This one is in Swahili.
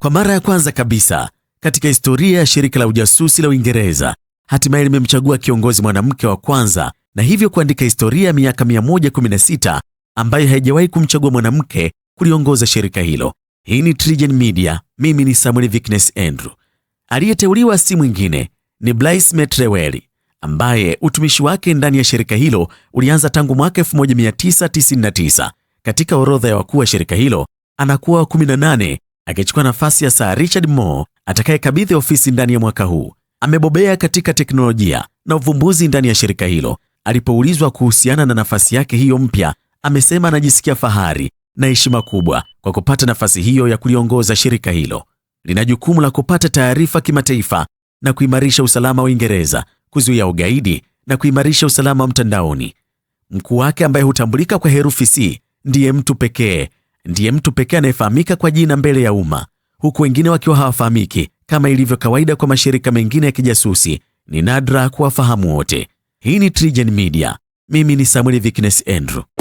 Kwa mara ya kwanza kabisa katika historia ya shirika la ujasusi la Uingereza, hatimaye limemchagua kiongozi mwanamke wa kwanza na hivyo kuandika historia ya miaka 116 ambayo haijawahi kumchagua mwanamke kuliongoza shirika hilo. Hii ni Trigen Media, mimi ni Samuel vickness Andrew. Aliyeteuliwa si mwingine ni Blaise Metreweli ambaye utumishi wake ndani ya shirika hilo ulianza tangu mwaka 1999. Katika orodha ya wakuu wa shirika hilo anakuwa wa 18 akichukua nafasi ya Sir Richard Moore atakayekabidhi ofisi ndani ya mwaka huu. Amebobea katika teknolojia na uvumbuzi ndani ya shirika hilo. Alipoulizwa kuhusiana na nafasi yake hiyo mpya, amesema anajisikia fahari na heshima kubwa kwa kupata nafasi hiyo ya kuliongoza shirika hilo. Lina jukumu la kupata taarifa kimataifa na kuimarisha usalama wa Uingereza, kuzuia ugaidi na kuimarisha usalama wa mtandaoni. Mkuu wake ambaye hutambulika kwa herufi C ndiye mtu pekee ndiye mtu pekee anayefahamika kwa jina mbele ya umma, huku wengine wakiwa hawafahamiki. Kama ilivyo kawaida kwa mashirika mengine ya kijasusi, ni nadra kuwafahamu wote. Hii ni TriGen Media. Mimi ni Samuel Viknes Andrew.